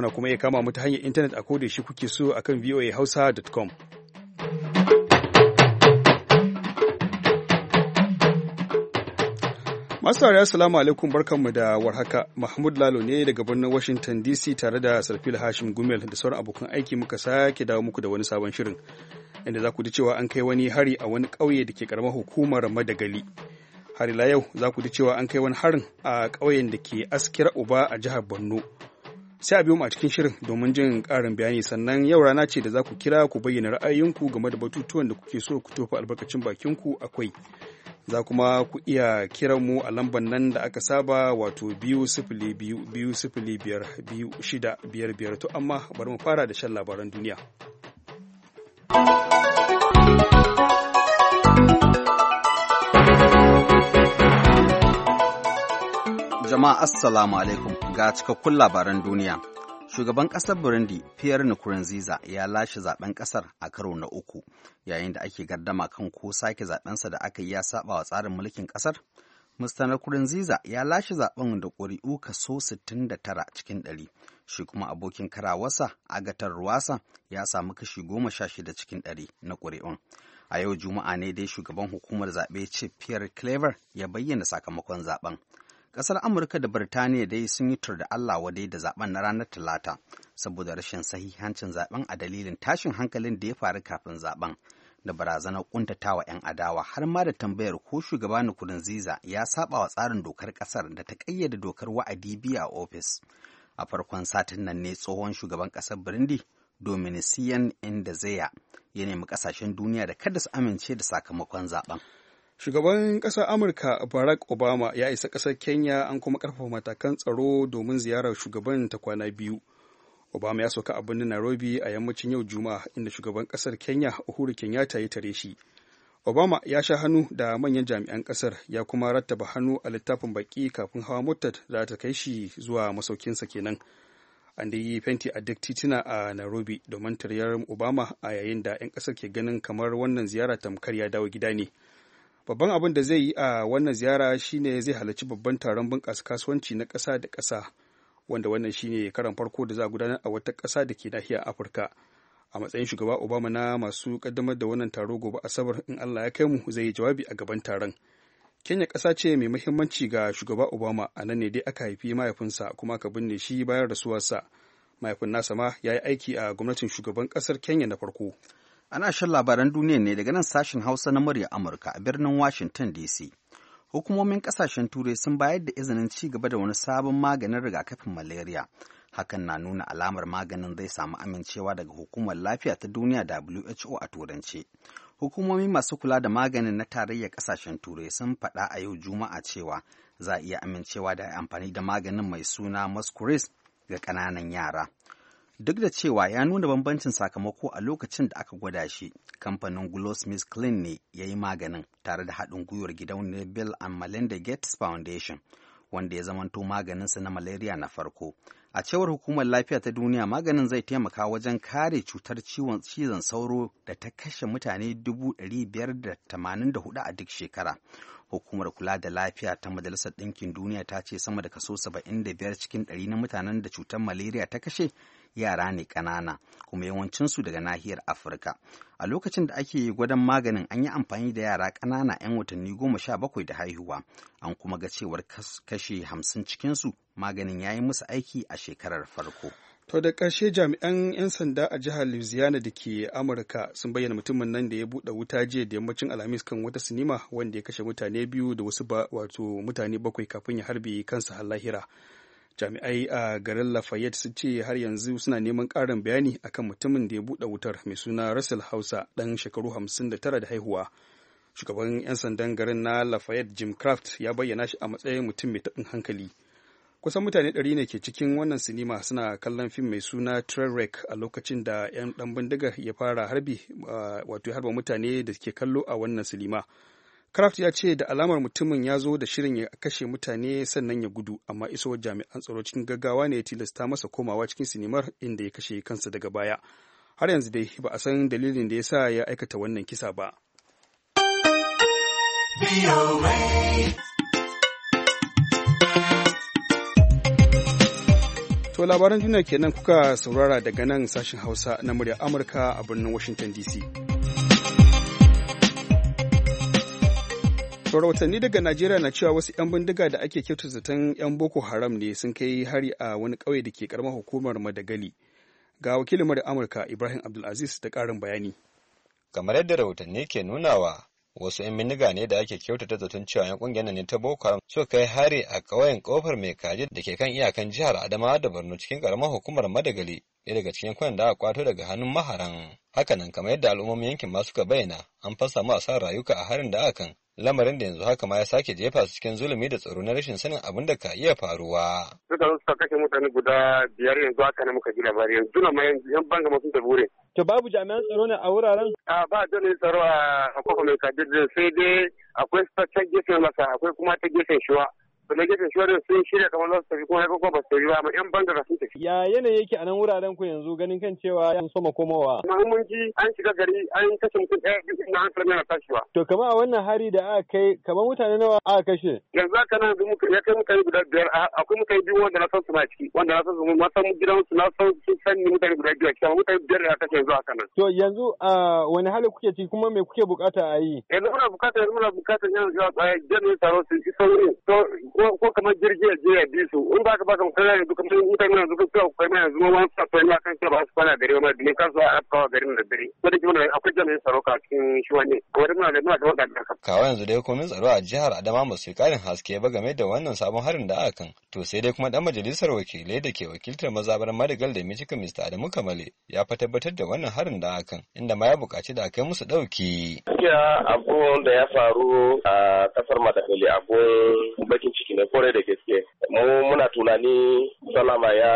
kuna kuma iya kama mu ta hanyar intanet a koda shi kuke so akan voahausa.com Masu saurari assalamu alaikum barkanmu da warhaka Mahmud Lalo ne daga birnin Washington DC tare da Sarfil Hashim Gumel da sauran abokan aiki muka sake dawo muku da wani sabon shirin inda za ku ji cewa an kai wani hari a wani ƙauye da ke karamar hukumar Madagali. harila yau za ku ji cewa an kai wani harin a ƙauyen da ke Askira Uba a jihar Borno sai a biyo mu a cikin shirin domin jin ƙarin bayani sannan yau rana ce da za ku kira ku bayyana ra'ayinku game da batutuwan da kuke so ku tofa albarkacin bakinku akwai za kuma ku iya kiran mu a lambar nan da aka saba wato biyu sifili biyu biyu sifili biyar biyu shida biyar biyar to amma bari mu fara da shan labaran duniya. Jama'a Assalamu alaikum ga cikakkun labaran duniya. Shugaban ƙasar Burundi Pierre Nkurunziza ya lashe zaben ƙasar a karo na uku yayin da ake gardama kan ko sake zabensa da aka yi ya saba wa tsarin mulkin ƙasar. Mr. Nkurunziza ya lashe zaben da ƙuri'u kaso 69 cikin 100. Shi kuma abokin karawarsa Agatar Ruwasa ya samu kashi 16 cikin 100 na ƙuri'un. A yau Juma'a ne dai shugaban hukumar zaɓe ce Pierre Clever ya bayyana sakamakon zaben. Ƙasar Amurka da Birtaniya dai sun yi tur da Allah wadai da zaben na ranar Talata saboda rashin sahihancin zaben a dalilin tashin hankalin da ya faru kafin zaben da barazanar kuntatawa 'yan adawa har ma da tambayar ko shugaba Nkurunziza ya saba wa tsarin dokar ƙasar da ta ƙayyade dokar wa'adi biya a ofis. A farkon satin nan ne tsohon shugaban ƙasar Burundi Dominician Indazea ya nemi ƙasashen duniya da kada su amince da sakamakon zaben. shugaban ƙasar amurka barack obama ya isa ƙasar kenya an kuma ƙarfafa matakan tsaro domin ziyarar shugaban ta kwana biyu obama ya sauka a birnin nairobi a yammacin yau juma'a inda shugaban ƙasar kenya uhuru kenyatta ya tare shi obama ya sha hannu da manyan jami'an ƙasar ya kuma rattaba hannu a littafin baƙi kafin hawa motar za ta kai shi zuwa masaukinsa kenan an da yi fenti a duk titina a nairobi domin tarayyar obama a yayin da 'yan ƙasar ke ganin kamar wannan ziyara tamkar ya dawo gida ne babban abin da zai yi a wannan ziyara shine zai halarci babban taron bunƙasa kasuwanci na ƙasa da ƙasa wanda wannan shine karan farko da za a gudanar a wata ƙasa da ke nahiyar afirka a matsayin shugaba obama na masu ƙaddamar da wannan taro gobe asabar in allah ya kai mu zai yi jawabi a gaban taron kenya ƙasa ce mai muhimmanci ga shugaba obama a nan ne dai aka haifi mahaifinsa kuma aka binne shi bayan rasuwarsa mahaifin nasa ma ya yi aiki a gwamnatin shugaban ƙasar kenya na farko Ana shan labaran duniya ne daga nan sashen Hausa na murya Amurka a birnin Washington DC. Hukumomin kasashen Turai sun bayar da izinin ci gaba da wani sabon maganin rigakafin malaria. Hakan na nuna alamar maganin zai samu amincewa daga hukumar lafiya ta duniya WHO a turance. Hukumomi masu kula da maganin na tarayyar kasashen Turai sun faɗa a yau Juma'a cewa za a iya amincewa da amfani da maganin mai suna Masquerade ga ƙananan yara. duk da cewa ya nuna bambancin sakamako a lokacin da aka gwada shi kamfanin goldsmith clean ne ya yi maganin tare da haɗin gwiwar gidan bill and melinda gates foundation wanda ya zamanto maganinsa na malaria na farko a cewar hukumar lafiya ta duniya maganin zai taimaka wajen kare cutar ciwon cizon sauro da ta kashe mutane 584 a duk shekara hukumar kula da lafiya ta majalisar ɗinkin duniya ta ce sama da kaso 75 cikin 100 na mutanen da cutar malaria ta kashe yara ne kanana kuma yawancinsu daga nahiyar afirka a lokacin da ake gwadon maganin an yi amfani da yara ƙanana 'yan watanni goma sha bakwai da haihuwa an kuma ga cewar kashe hamsin cikinsu maganin ya yi musu aiki a shekarar farko To da ƙarshe jami'an 'yan sanda a jihar Louisiana da ke Amurka sun bayyana mutumin nan da ya buɗe wuta jiya da yammacin Alhamis kan wata sinima wanda ya kashe mutane biyu da wasu ba wato mutane bakwai kafin ya harbe kansa har lahira. jami'ai a garin lafayette su ce har yanzu suna neman ƙarin bayani akan mutumin da ya buɗe wutar mai suna russell hausa ɗan shekaru 59 da haihuwa shugaban 'yan sandan garin na lafayette jim craft ya bayyana shi a matsayin mutum mai taɓin hankali kusan mutane ɗari ne ke cikin wannan sinima suna kallon fim mai suna trainwreck a lokacin da 'yan ɗan bindigar ya fara harbi wato harba mutane da ke kallo a wannan sinima. Kraft ya ce da alamar mutumin ya zo da shirin ya kashe mutane sannan ya gudu, amma iso jami'an tsaro cikin gaggawa ne ya tilasta masa komawa cikin sinimar inda ya kashe kansa daga baya. Har yanzu dai ba a san dalilin da ya sa ya aikata wannan kisa ba. To labaran duniya kenan kuka saurara daga nan sashen Hausa na murya Amurka a birnin Washington DC. To rahotanni daga Najeriya na cewa wasu 'yan bindiga da ake kyautu zaton 'yan Boko Haram ne sun kai hari a wani ƙauye da ke karamar hukumar Madagali. Ga wakilin mara Amurka Ibrahim Abdulaziz da ƙarin bayani. Kamar yadda rahotanni ke nunawa, wasu 'yan bindiga ne da ake kyautata zaton cewa 'yan ƙungiyar ne ta Boko Haram suka kai hari a ƙauyen kofar mai kaji da ke kan iyakan jihar Adamawa da Borno cikin ƙaramar hukumar Madagali ɗaya daga cikin yankunan da aka kwato daga hannun maharan. Hakanan kamar yadda al'ummomin yankin ma suka bayyana an fasa masu rayuka a harin da akan lamarin da yanzu haka ma ya sake jefa su cikin zulumi da tsaro na rashin sanin abin da ka iya faruwa. Suka zo suka kashe mutane guda biyar yanzu haka ne muka ji labari yanzu na ma yan banga masu da bure. To babu jami'an tsaro ne a wuraren? A ba jami'an tsaro a kofa mai kadir sai dai akwai ta gefen masa akwai kuma ta gefen shuwa. Delegate Insurance sun shirya kamar za su tafi kuma haka kuma ba su ba amma 'yan banga sun suke. Ya yanayi yake a nan wuraren ku yanzu ganin kan cewa sun soma komowa. Kuma mun ji an shiga gari an kashe mutum ɗaya biyu na hankali na tashiwa. To kamar a wannan hari da aka kai kamar mutane nawa aka kashe. Yanzu haka nan ya kai mutane guda biyar akwai mutane biyu wanda na san su na ciki wanda na san su ma san gidansu na san san ni mutane guda biyar kuma mutane biyar da aka kashe yanzu aka nan. To yanzu a wani hali kuke ciki kuma me kuke bukata a yi? Yanzu muna bukata yanzu muna bukata yanzu a tsaye jami'in tsaro su iso wurin. ko kamar jirgi ya je ya bi su in ba ka ba kamar kana yanzu kamar mutane yanzu kan kawo kai yanzu ma wani sa kai kan cewa ba su kwana gari ma domin kan su a kawo garin da dare ko da kuma da akwai jami'in tsaro ka cikin shi wani ko da muna da muna da wadanda ka kawo yanzu dai komin tsaro a jihar Adama ba su karin haske ba game da wannan sabon harin da aka kan to sai dai kuma dan majalisar wakilai da ke wakiltar mazabar Madagal da mijikin Mr. Adamu Kamale ya fa tabbatar da wannan harin da aka kan inda ma ya buƙaci da kai musu dauki ya abu da ya faru a kasar Madagali abu bakin ciki aiki ne kore da gaske mu muna tunani salama ya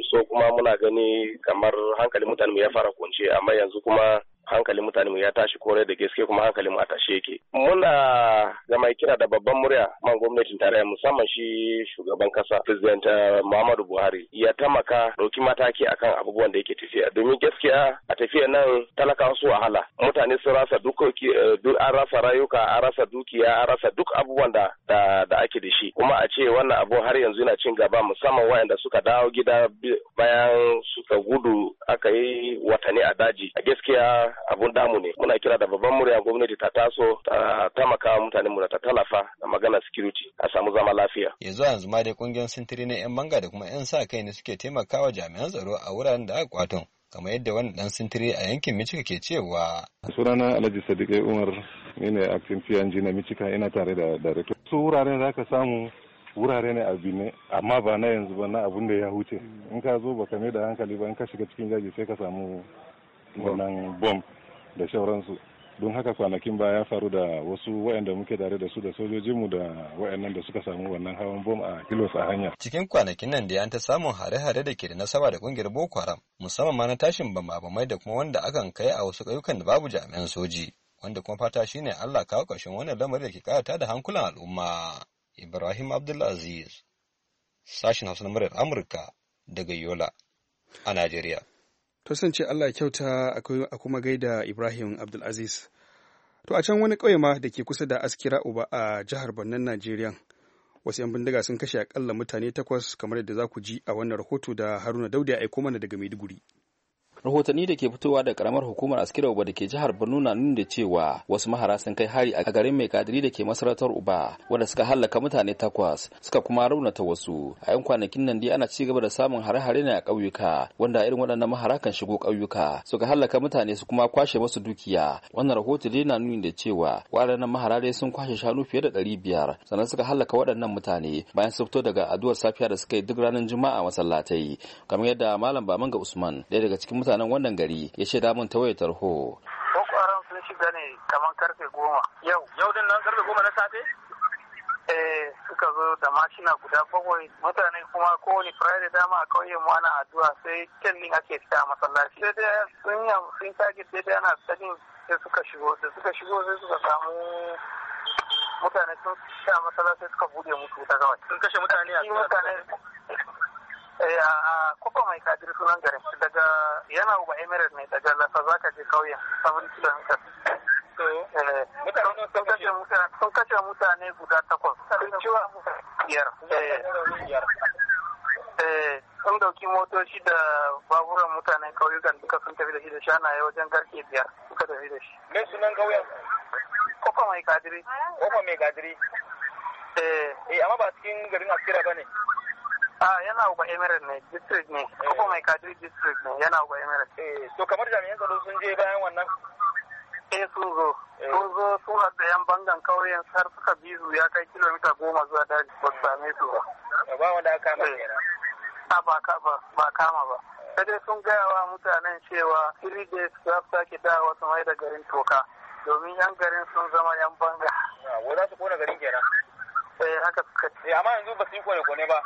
iso kuma muna gani kamar hankali mutane ya fara kunce amma yanzu kuma hankalin mutane ya tashi kore da gaske kuma hankalin mu a tashi yake muna ga mai kira da babban murya man gwamnatin tarayya musamman shi shugaban kasa president eh, Muhammadu Buhari ya tamaka dauki mataki akan abubuwan da yake tafiya domin gaskiya a tafiya nan talaka su wahala mutane sun rasa dukoki eh, an rasa rayuka an rasa dukiya an rasa duk abubuwan da da ake da shi kuma a ce wannan abu har yanzu yana cin gaba musamman wayanda suka dawo gida bayan suka gudu aka yi watanni a daji a gaskiya abun damu ne muna kira da babban murya gwamnati ta taso ta taimaka mutanen mu da ta talafa da magana security a samu zama lafiya yanzu yanzu ma dai kungiyoyin sintiri na yan manga da kuma yan sa kai ne suke taimakawa jami'an tsaro a wuraren da aka kwaton kamar yadda wani dan sintiri a yankin Michika ke cewa. Sunana Alhaji Sadiq Umar ni ne acting PNG na Michika ina tare da director. Su wuraren da aka samu wurare ne abu ne amma ba na yanzu ba na abun da ya huce in ka zo ka mai da hankali ba in ka shiga cikin jaji sai ka samu wannan bom da sauransu don haka kwanakin ba ya faru da wasu wayanda muke tare da su da sojojinmu da wayannan da suka samu wannan hawan bom a kilos a hanya. Cikin kwanakin nan da an ta samun hare-hare da ke da nasaba da kungiyar Boko Haram musamman ma na tashin bambamai da kuma wanda akan kai a wasu ƙauyukan da babu jami'an soji wanda kuma fata shine Allah kawo ƙarshen wannan lamari da ke ƙarata da hankulan al'umma. Ibrahim Abdulaziz, sashin Hausa na Amurka daga Yola a Najeriya. to sun ce Allah kyauta a kuma gaida Ibrahim Abdulaziz. To a can wani ƙauye ma da ke kusa da Askira Uba a jihar Bannan Najeriya. Wasu 'yan bindiga sun kashe akalla mutane takwas kamar yadda za ku ji a wannan rahoto da Haruna Dauda ya aiko mana daga Maiduguri. rahotanni da ke fitowa da karamar hukumar askira uba da ke jihar borno na nuna cewa wasu mahara sun kai hari a garin mai kadiri da ke masarautar uba wanda suka hallaka mutane takwas suka kuma raunata wasu a yan kwanakin nan dai ana ci gaba da samun hare-hare ne a ƙauyuka wanda irin waɗannan mahara kan shigo ƙauyuka suka hallaka mutane su kuma kwashe masu dukiya wannan rahoto dai na nuni da cewa waɗannan mahara dai sun kwashe shanu fiye da ɗari biyar sannan suka hallaka waɗannan mutane bayan su fito daga addu'ar safiya da suka yi duk ranar juma'a masallatai kamar yadda malam baman ga usman ɗaya daga cikin mutanen wannan gari ya shaida mun ta wayar tarho sun shiga ne kamar karfe goma yau yau din nan karfe goma na safe eh suka zo da mashina guda bakwai mutane kuma kowane friday dama a ƙauyen mu ana addu'a sai kyallin ake fita masallaci sai dai sun yi sun sake sai dai ana sanin sai suka shigo sai suka shigo sai suka samu mutane sun sha masallaci suka buɗe mutu ta kawai sun kashe mutane a Eh, a kufa mai kadir sunan garin daga yana uba emirate ne daga lasa za ka je kauyen 7 kilometers eh, sun kashe mutane guda takwas biyar eh. sun dauki motoci da baburan mutane kauyukan duka sun tafi da shi da shanaye wajen garke biyar suka tafi da shi me sunan kauyen kofa mai kadiri kofa mai kadiri Emirates ne district ne kuma mai kadiri district ne yana Uba Emirates. Eh to kamar jami'an tsaro sun je bayan wannan eh sun zo eh. sun zo sun haɗa yan bangan kauyen har suka bizu ya kai kilomita goma zuwa daji ba su same su ba. Eh, ba wanda aka kama eh. A ba ba kama ba. Sai sun gaya wa mutanen cewa three days za su sake dawowa su mai da garin toka domin yan garin sun zama yan banga. Ah, wa za su kona garin kenan. Eh haka suka ce. amma yanzu ba su yi kone-kone ba.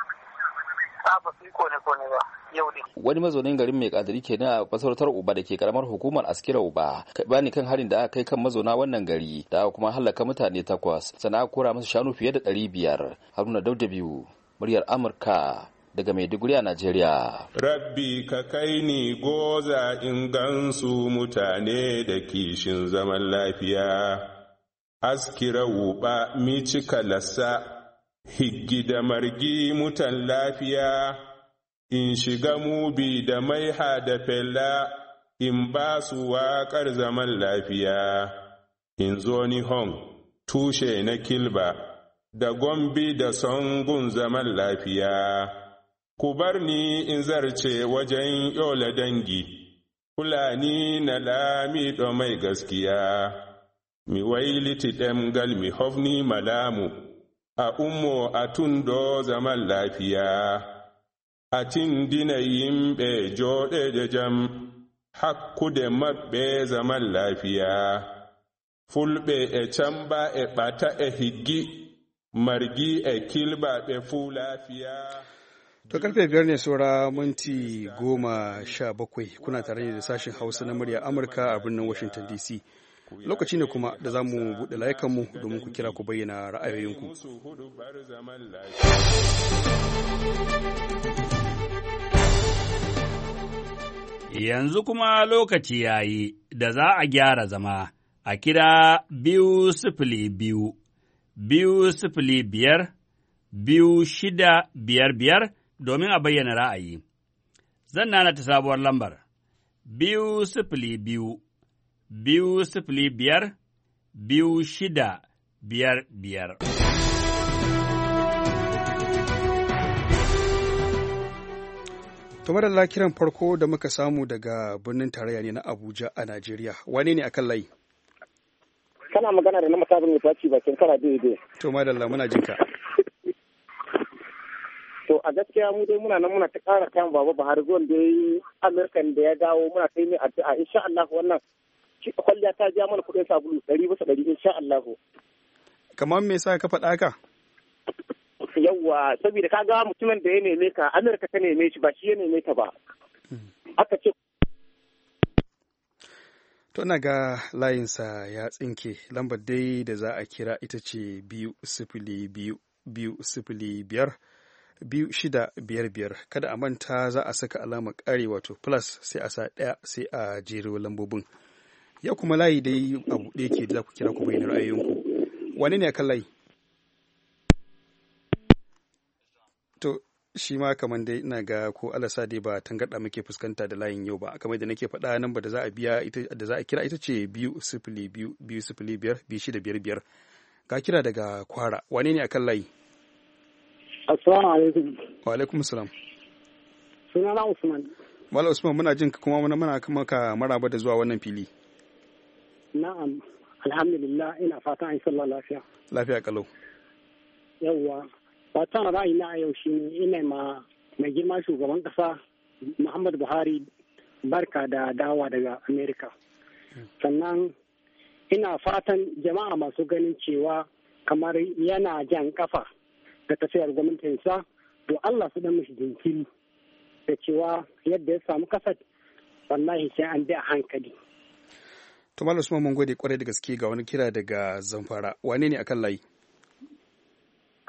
saba su yi kone kone ba yau ne. wani mazaunin garin mai kadiri ke na masarautar uba da ke karamar hukumar askira uba ka bani kan harin da aka kai kan mazauna wannan gari da aka kuma halaka mutane takwas sannan aka kora musu shanu fiye da ɗari biyar haruna dauda biyu muryar amurka daga Maiduguri a Najeriya. Rabbi ka kai ni goza in gansu mutane da kishin zaman lafiya, askira Uba mi cika lassa higgi da margi mutan lafiya in shiga mubi da maiha da fella in ba su waƙar zaman lafiya in zo ni hong tushe na kilba da gombi da songun zaman lafiya ku bar ni in zarce wajen yola dangi fulani na lami mai gaskiya mi wai litidem gal mi hofni malamu a ummo a tun do zaman lafiya a cin dinayin be joɗe da jam da maɓɓe zaman lafiya fulɓe e ba e ɓata e higgi margi e kilba ɓe fu lafiya To karfe biyar ne saura minti goma sha bakwai kuna tare da sashin Hausa na murya Amurka a birnin Washington DC. lokaci ne kuma da za mu buɗe layukanmu domin ku kira ku bayyana ra'ayoyinku yanzu kuma lokaci ya yi da za a gyara zama a kira biyu sifili biyu biyu sifili biyar biyu shida biyar biyar domin a bayyana ra'ayi zan nana ta sabuwar lambar biyu sifili biyu biyu sifili biyar biyu shida biyar biyar. Tumar Allah kiran farko da muka samu daga birnin tarayya ne na Abuja a Najeriya. Wane ne akan layi? Kana magana da na matabin mai faci bakin kara biyu. Tumar Allah muna jin ka. To a gaskiya mu dai muna nan muna ta ƙara kan baba Buhari zuwan da yi Amerikan da ya dawo muna ta yi mai addu'a insha Allah wannan kwalliya ta ja mana kuɗin sabulu ɗari bisa ɗari insha Allah. Kamar me sa ka faɗa ka? Yawwa, saboda ka ga mutumin da ya neme ka, Amurka ta neme shi ba shi ya neme ta ba. Hmm. Aka ce To na ga layinsa ya tsinke lambar dai da za a kira ita ce biyu sifili biyu biyu sifili biyar biyu shida biyar biyar kada a manta za a saka alamar ƙari wato plus sai a sa ɗaya sai a jero lambobin. ya kuma layi dai a buɗe ke da za ku kira ku bayyana ra'ayoyinku wani ne kan layi to shi ma kamar dai ina ga ko alasa dai ba tangarɗa muke fuskanta da layin yau ba kamar da nake faɗa nan ba da za a biya ita da za a kira ita ce biyu sifili biyu biyu sifili biyar biyu shida biyar biyar Ka kira daga kwara wani ne akan layi assalamu alaikum wa alaikum salam sunana usman Mala Usman muna jin kuma muna muna maka maraba da zuwa wannan fili. Na'am, alhamdulillah ina fata an sallah lafiya. Lafiya kalau. Yawwa, fatan ra'ayi a yau ne ina ma mai girma shugaban kasa Muhammadu Buhari barka da dawa daga Amerika. Sannan ina fatan jama'a masu ganin cewa kamar yana jan kafa da tafiyar gwamnatinsa to Allah su dan mishi jinkiri da cewa yadda ya samu kasar wallahi sai an bi a hankali. to malam usman mun gode kwarai da gaske ga wani kira daga zamfara wane ne akan layi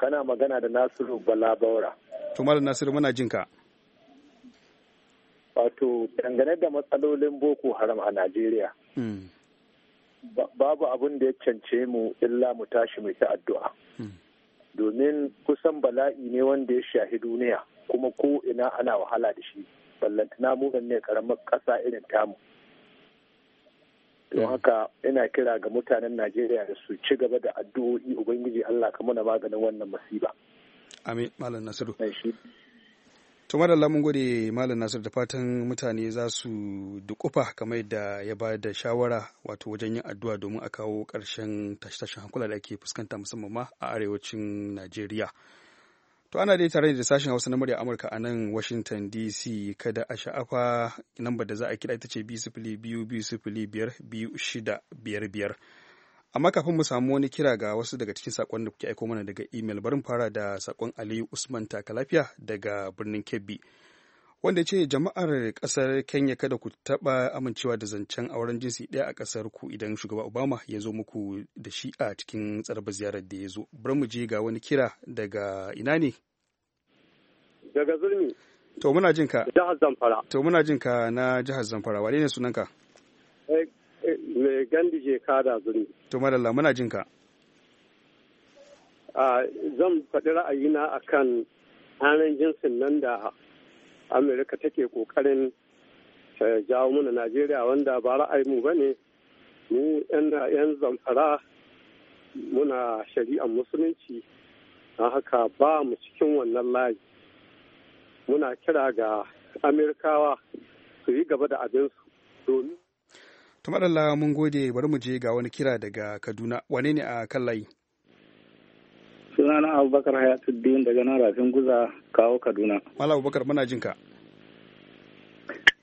kana magana da nasiru balabaura to malam nasiru muna jin ka wato dangane da matsalolin boko haram a najeriya hmm. babu abin da ya cance mu illa mu tashi mai ta addu'a hmm. domin kusan bala'i ne wanda ya shahi duniya kuma ko ina ana wahala da shi ballantana mu ne karamar ƙasa irin tamu don haka ina kira ga mutanen najeriya da su ci gaba da addu'o'i ubangiji allah ka mana maganin wannan masiba amin malam nasiru to madalla mun gode malam nasiru da fatan mutane za su dukufa kamar da ya ba da shawara wato wajen yin addu'a domin a kawo ƙarshen tashe-tashen hankula da ake fuskanta musamman ma a arewacin najeriya To ana dai tare da sashen Hausa na murya Amurka a nan Washington DC kada a sha'afa lambar da za a kira ita ce biyar. Amma kafin mu samu wani kira ga wasu daga cikin sakon da kuke aiko mana daga imel barin fara da sakon Aliyu Usman Takalafiya daga birnin Kebbi. wanda ce jama'ar kasar kenya kada ku taɓa amincewa da zancen auren jinsi ɗaya a kasar ku idan shugaba obama ya zo muku da shi a cikin tsarba ziyarar da ya zo bari mu je ga wani kira daga ina ne daga zurmi to muna jin ka jihar zamfara to muna jin ka na jihar zamfara wane ne sunanka eh, eh, gandi je kada zurmi to madalla muna jin ka ah, zan faɗi ra'ayina akan ranar jinsin nan da amurka take kokarin ta jawo mana najeriya wanda ba ra'ayinmu ba ne mu yan zamfara muna shari'ar musulunci don haka ba mu cikin wannan layi muna kira ga Amurkawa su yi gaba da abinsu domin tumadalla mun gode bari mu je ga wani kira daga kaduna wane ne a kan layi suna na abubakar hayatuddin daga nan rafin guza kawo kaduna mala abubakar muna jinka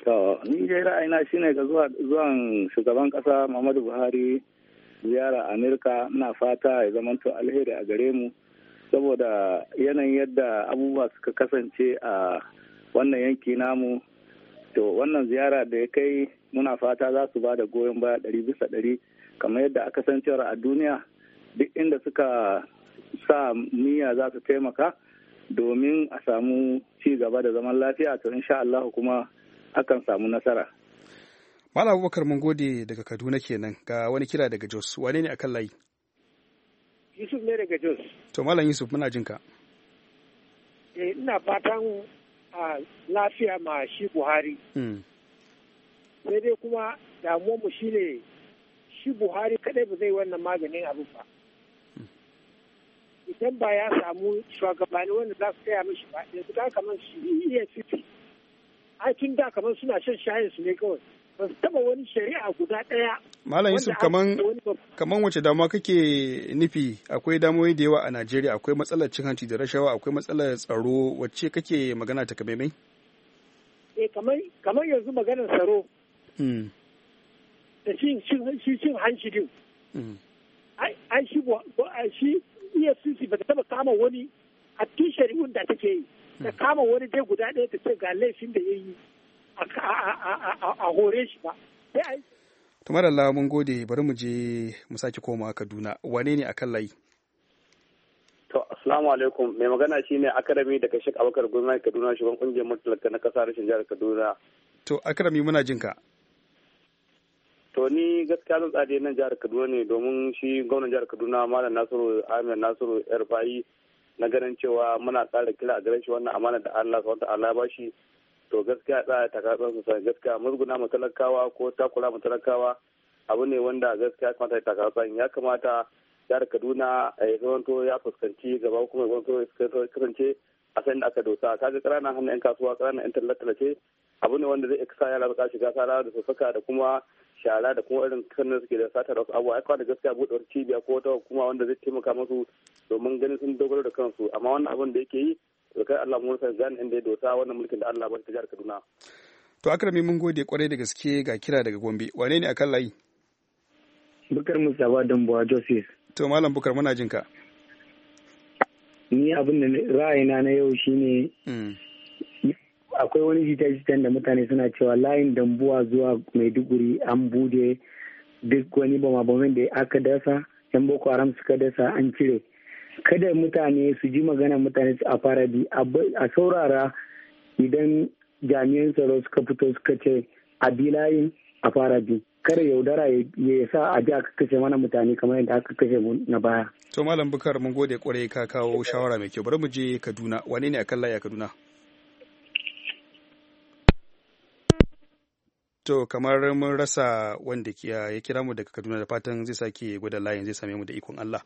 to ni dai ra'ayina shine ga zuwan shugaban kasa muhammadu buhari ziyara amerika na fata ya zamanto alheri a gare mu saboda yanayin yadda abubuwa suka kasance a wannan yanki namu to wannan ziyara da ya kai muna fata za su ba da goyon baya ɗari bisa ɗari kamar yadda aka san cewa a duniya duk inda suka sa niyya za su taimaka domin a samu ci gaba da zaman lafiya to insha Allah kuma akan samu nasara. Malam Abubakar mun gode daga Kaduna kenan ga wani kira daga Jos wane ne akan layi? Yusuf ne daga Jos. To Malam Yusuf muna jin ka. Eh, ina fatan lafiya ma shi Buhari. Hmm. Sai dai kuma damuwanmu shine shi Buhari kadai ba zai wannan maganin abu ba. idan ba ya samu shugabanni wanda za su kaya mashi ba yanzu da kamar su iya e city ai tun da kamar suna shan shayin su ne kawai ba su taba wani shari'a guda ɗaya. Malam Yusuf kaman kaman wace damuwa kake nufi akwai damuwoyi da yawa a Najeriya akwai matsalar cin hanci da rashawa akwai matsalar tsaro wacce kake magana ta kamaimai? Eh kamar kamar yanzu maganar tsaro. Hmm. Da shi cin hanci din. Hmm. Ai shi efcc ba ta taba kama wani a tun shari'un da take yi ta hmm. kama wani dai guda ɗaya ta ce ga laifin da ya yi a hore shi ba sai tumar Allah mun gode bari mu je mu sake koma Kaduna wane ne akan layi to assalamu alaikum mai magana shine akarami daga Sheikh abakar gwamnati Kaduna shugaban kungiyar mutalaka na kasar rashin jihar Kaduna to akarami muna jinka ka to ni gaskiya zan tsade nan jihar kaduna ne domin shi gwamnan jihar kaduna malam nasiru ahmed nasiru yarfayi na ganin cewa muna tsara kila a gare shi wannan amana da allah wata Allah ba shi to gaskiya tsaya ta sosai gaskiya musguna mu talakawa ko takura mu talakawa abu ne wanda gaskiya kamata ya takatsan ya kamata jihar kaduna ya zamanto ya fuskanci gaba kuma ya zamanto kasance a san da aka dosa kaga karana hannun 'yan kasuwa karana 'yan tallace abu ne wanda zai sa yara su shiga sara da su saka da kuma shara da kuma irin kannan suke da sata da wasu abuwa ya da gaskiya buɗe wata cibiya ko wata kuma wanda zai taimaka musu domin ganin sun dogaro da kansu amma wannan abin da yake yi da kai Allah mun san gane inda ya dosa wannan mulkin da Allah bai ta jihar Kaduna. To Akrami mun gode kwarai da gaske ga kira daga Gombe wane ne akan layi? Bukar don Dambuwa Joseph. To Malam Bukar muna jinka. Ni abin da ra'ayina na yau shine mm. akwai wani jita-jitan da mutane suna cewa layin dambuwa zuwa maiduguri an bude duk wani bama-baman da aka dasa yan boko haram suka dasa an cire kada mutane su ji magana mutane a fara bi a saurara idan jami'an tsaro suka fito suka ce a bi layin a fara bi kada yaudara ya sa a ji aka kashe mana mutane kamar yadda aka kashe mu na baya to malam bukar mun gode kwarai ka kawo shawara mai kyau bari mu je kaduna wane ne a layi a kaduna To kamar mun rasa wanda ya kira mu daga Kaduna da fatan zai sake gwada layin zai same mu da ikon Allah.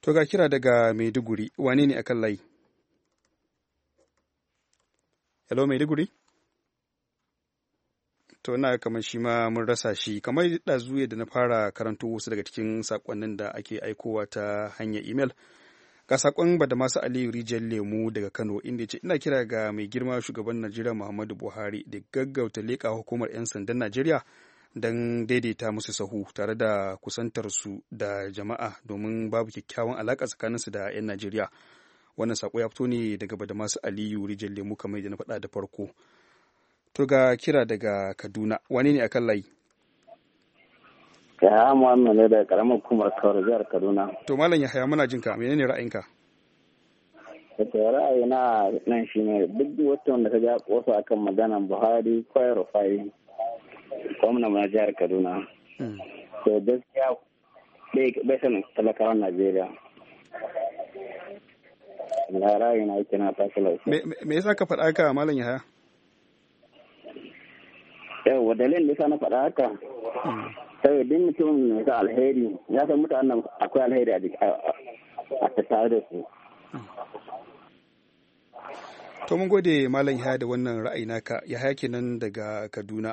To ga kira daga Maiduguri, wane ne akan layi? Hello Maiduguri? To na kamar shi ma mun rasa shi, kamar ɗazu da na fara karanto wasu daga cikin saƙonnin da ake aikowa ta hanyar imel. ga sakon badamasu aliyu rijiyar lemu daga kano inda ya ce ina kira ga mai girma shugaban najeriya muhammadu buhari da gaggauta leƙa hukumar 'yan sandan najeriya don daidaita musu sahu tare da kusantarsu da jama'a domin babu kyakkyawan alaƙa tsakaninsu da 'yan najeriya wannan sako ya fito ne daga badamasu aliyu rijiyar lemu kamar da na faɗa da farko to ga kira daga kaduna wane ne akan layi Yaya Muhammad ne da karamar hukumar Kawar jihar Kaduna. To Malam Yahaya muna jinka menene ra'ayinka? ra'ayi ra'ayina nan shi ne duk wata wanda ta ja kosa akan maganan Buhari kwaya Rufai gwamnan na jihar Kaduna. Hmm. To gaskiya bai sanin talakawan Najeriya. Na ra'ayina yake na tashi lafiya. Me yasa ka faɗa haka Malam Yahaya? Yawwa dalilin da yasa na faɗa haka. Hmm. sai din mutum ne sa alheri ya san mutanen akwai alheri a tattare da su to mun gode malam ya da wannan ra'ayi naka haike kenan daga kaduna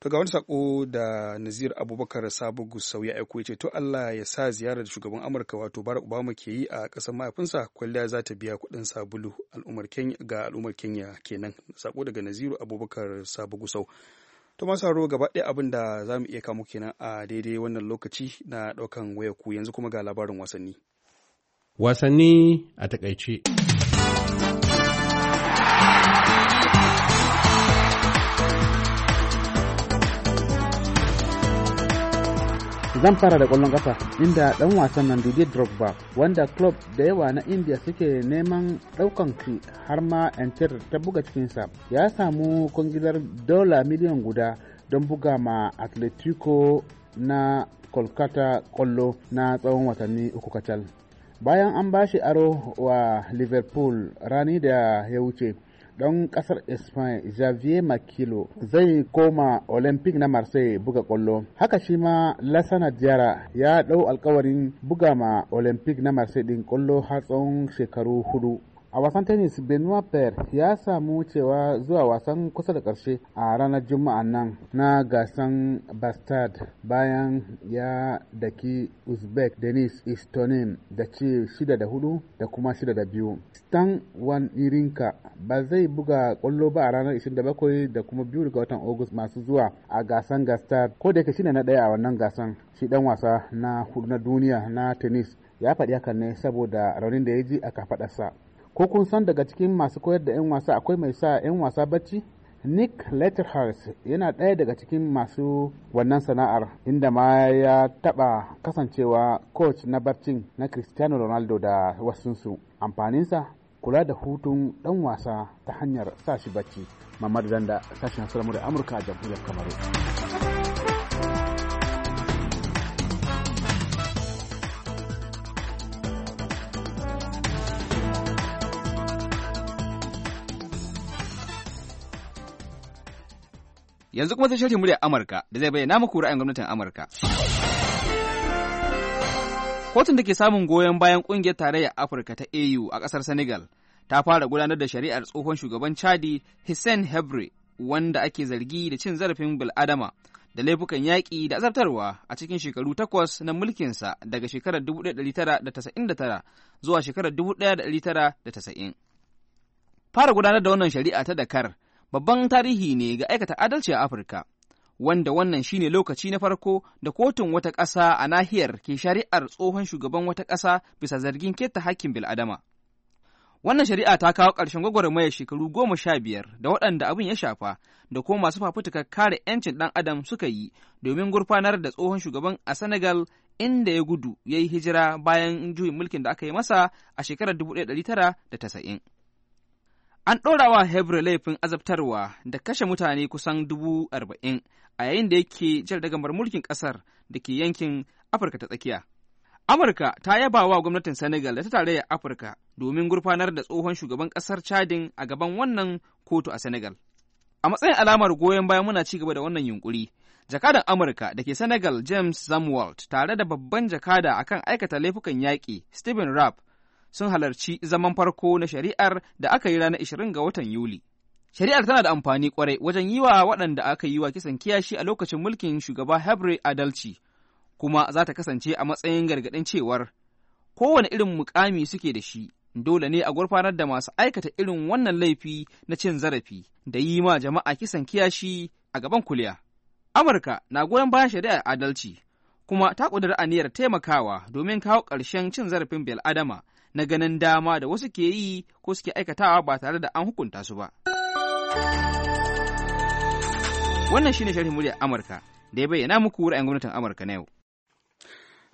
to ga wani sako da nazir abubakar sabu gusau ya aiko ce to allah ya sa ziyarar da shugaban amurka wato barack obama ke yi a ƙasar mahaifinsa kwalliya za ta biya kuɗin sabulu ga al'ummar kenya kenan sako daga naziru abubakar sabu gusau to masu haro gaba ɗaya abin da za mu iya kamo kenan a daidai wannan lokaci na ɗaukan wayar ku yanzu kuma ga labarin wasanni wasanni a takaice zan fara da kwallon kafa inda dan wasan nan Didier Drogba wanda club da yawa na India suke neman daukan ki har ma Enter ta buga cikinsa ya samu kungizar dola miliyan guda don buga ma Atletico na Kolkata kwallo na tsawon watanni uku kacal. Bayan an bashi aro wa Liverpool rani da ya wuce dan kasar Spain Javier Makilo zai koma Olympic na Marseille buga kwallo. Haka shi ma Lassana Diara ya dau alkawarin buga ma Olympic na Marseille din kwallo har tsawon shekaru hudu. a wasan tennis benoit per ya samu wucewa zuwa wasan kusa da karshe a ranar juma'a nan na gasan bastard bayan ya daki uzbek denis istonin da ce shida da hudu da kuma shida da biyu stan wan irinka ba zai buga kwallo ba a ranar 27 da kuma biyu ga watan august masu zuwa a gasan gastar ko da yake shine na daya a wannan gasan shi dan wasa na hudu na duniya na tennis ya faɗi hakan ne saboda raunin da ya ji a kafaɗarsa ko kun san daga cikin masu koyar da 'yan wasa akwai mai sa 'yan wasa bacci nick letterhurst yana ɗaya daga cikin masu wannan sana'ar inda ma ya taɓa kasancewa coach na barcin na cristiano ronaldo da wasunsu amfaninsa kula da hutun ɗan wasa ta hanyar sa shi bacci mamadu danda sashen da amurka a jamhuriyar kamaru Yanzu kuma sai shirin muryar Amurka da zai bayyana muku ra'ayin gwamnatin Amurka. Kotun da ke samun goyon bayan ƙungiyar tarayyar Afirka ta AU a ƙasar Senegal ta fara gudanar da shari'ar tsohon shugaban Chadi Hissène Hebre wanda ake zargi da cin zarafin bil'adama da laifukan yaƙi da azabtarwa a cikin shekaru takwas na mulkinsa daga shekarar 1999 zuwa shekarar 1990. Fara gudanar da wannan shari'a ta Dakar babban tarihi ne ga aikata adalci a Afirka, wanda wannan shine lokaci na farko da kotun wata ƙasa a nahiyar ke shari'ar tsohon shugaban wata ƙasa bisa zargin keta hakkin bil'adama. Wannan shari'a ta kawo ƙarshen gwagwarmayar shekaru goma sha biyar da waɗanda abin ya shafa da kuma masu fafutukar kare 'yancin ɗan adam suka yi domin gurfanar da tsohon shugaban a Senegal inda ya gudu ya yi hijira bayan juyin mulkin da aka yi masa a shekarar 1990. An ɗora wa Hebron laifin azabtarwa da kashe mutane kusan dubu arba'in a yayin da yake jar daga marmulkin ƙasar da ke yankin Afirka ta tsakiya. Amurka ta yaba wa gwamnatin Senegal da ta tarayyar Afirka domin gurfanar da tsohon shugaban ƙasar Chadin a gaban wannan kotu a Senegal. A matsayin alamar goyon baya muna ci gaba da wannan yunkuri, jakadan Amurka da ke Senegal James Zamwalt tare da babban jakada akan aikata laifukan yaƙi Stephen Rapp sun halarci zaman farko na shari'ar da aka yi ranar ishirin ga watan Yuli. Shari'ar tana da amfani kwarai wajen yi wa waɗanda aka yi wa kisan kiyashi a lokacin mulkin shugaba Habre adalci, kuma za ta kasance a matsayin gargaɗin cewar kowane irin mukami suke da shi, dole ne a gurfanar da masu aikata irin wannan laifi na cin zarafi da yi ma jama'a kisan kiyashi a gaban kuliya. Amurka na goyon bayan shari'ar adalci, kuma ta ƙudiri aniyar taimakawa domin kawo ƙarshen cin zarafin bil'adama na ganin dama da wasu ke yi ko suke aikatawa ba tare da an hukunta su ba. Wannan shine sharhin muryar Amurka da ya bayyana muku ra'ayin gwamnatin Amurka na yau.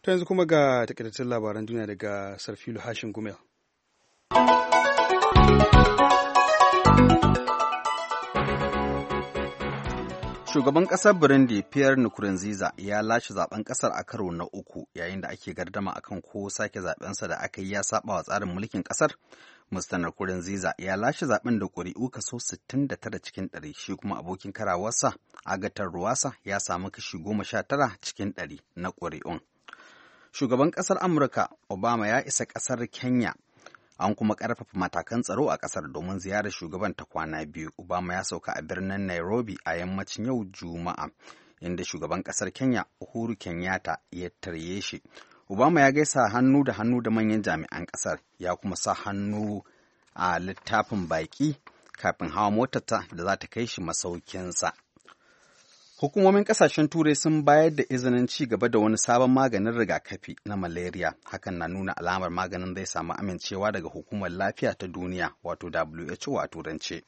Ta yanzu kuma ga takaitattun labaran duniya daga Sarfilu Hashim Gumel. Shugaban ƙasar Burundi Pierre Nkurunziza ya lashe zaben ƙasar a karo na uku yayin da ake gardama akan ko sake zabensa da aka yi ya saba wa tsarin mulkin ƙasar. Mr. Nkurunziza ya lashe zaben da ƙuri'u kaso 69 cikin ɗari shi kuma abokin karawarsa Agatar Ruwasa ya samu kashi goma sha tara cikin ɗari na ƙuri'un. Shugaban ƙasar Amurka Obama ya isa ƙasar Kenya an kuma ƙarfafa matakan tsaro a ƙasar domin ziyarar shugaban ta kwana biyu obama ya sauka a birnin nairobi a yammacin yau juma'a inda shugaban ƙasar kenya uhuru kenyatta ya tarye shi obama ya gaisa hannu da hannu da manyan jami'an ƙasar ya kuma sa hannu a littafin baƙi kafin hawa motarta da za ta kai shi masaukinsa Hukumomin kasashen Turai sun bayar da izinin ci gaba da wani sabon maganin rigakafi na malaria. Hakan na nuna alamar maganin zai samu amincewa daga Hukumar Lafiya ta Duniya, wato WHO a Turance.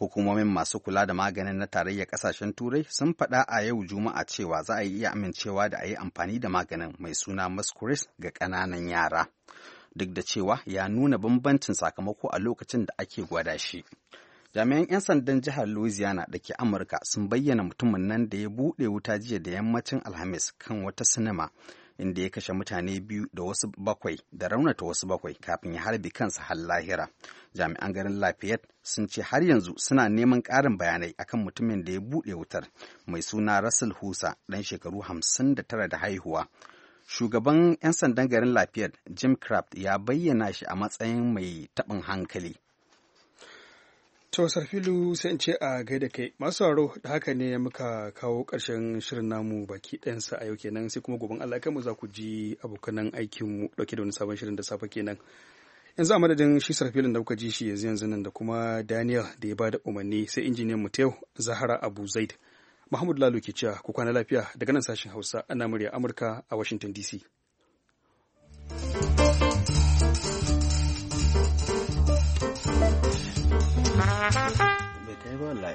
Hukumomin masu kula da maganin na tarayyar kasashen Turai sun faɗa a yau Juma'a cewa za a iya amincewa da a yi amfani da maganin mai suna Masquerade ga ƙananan yara. Duk da cewa ya nuna bambancin sakamako a lokacin da ake gwada shi. jami'an 'yan sandan jihar louisiana da ke amurka sun bayyana mutumin nan da ya buɗe wuta jiya da yammacin alhamis kan wata sinima inda ya kashe mutane biyu da wasu bakwai da raunata wasu bakwai kafin ya harbi kansa har lahira jami'an garin lafayette sun ce har yanzu suna neman ƙarin bayanai akan mutumin da ya buɗe wutar mai suna russell husa ɗan shekaru hamsin da tara da haihuwa shugaban 'yan sandan garin lafayette jim craft ya bayyana shi a matsayin mai taɓin hankali To Sarfilu sai in ce a gaida kai masu sauraro da haka ne muka kawo ƙarshen shirin namu baki ɗansa a yau kenan sai kuma gobe Allah mu za ku ji abokanan aikin mu dauke da wani sabon shirin da safe kenan. Yanzu a madadin shi Sarfilun da kuka ji shi yanzu yanzu nan da kuma Daniel da ya ba da umarni sai injiniyan mu Teo Zahara Abu Zaid. Muhammadu lalu ke cewa ku kwana lafiya daga nan sashen Hausa ana murya Amurka a Washington DC. 台湾来。